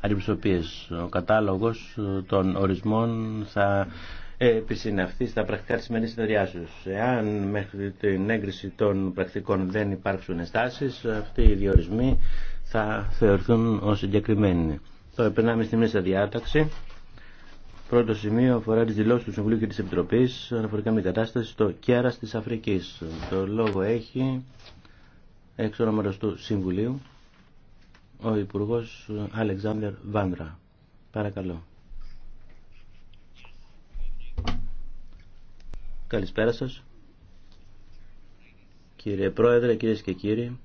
αντιπροσωπείες. Ο κατάλογος ε, των ορισμών θα ε, επισυναυθεί στα πρακτικά της σημερινής συνεδριάσεως. Εάν μέχρι την έγκριση των πρακτικών δεν υπάρξουν ενστάσεις, αυτοί οι διορισμοί θα θεωρηθούν ως συγκεκριμένοι. Τώρα περνάμε στη μέσα διάταξη. Πρώτο σημείο αφορά τι δηλώσει του Συμβουλίου και τη Επιτροπή αναφορικά με την κατάσταση στο κέρα τη Αφρική. Το λόγο έχει έξω του Συμβουλίου ο Υπουργός Αλεξάνδρ Βάνδρα. Παρακαλώ. Καλησπέρα σας. Κύριε Πρόεδρε, κυρίες και κύριοι.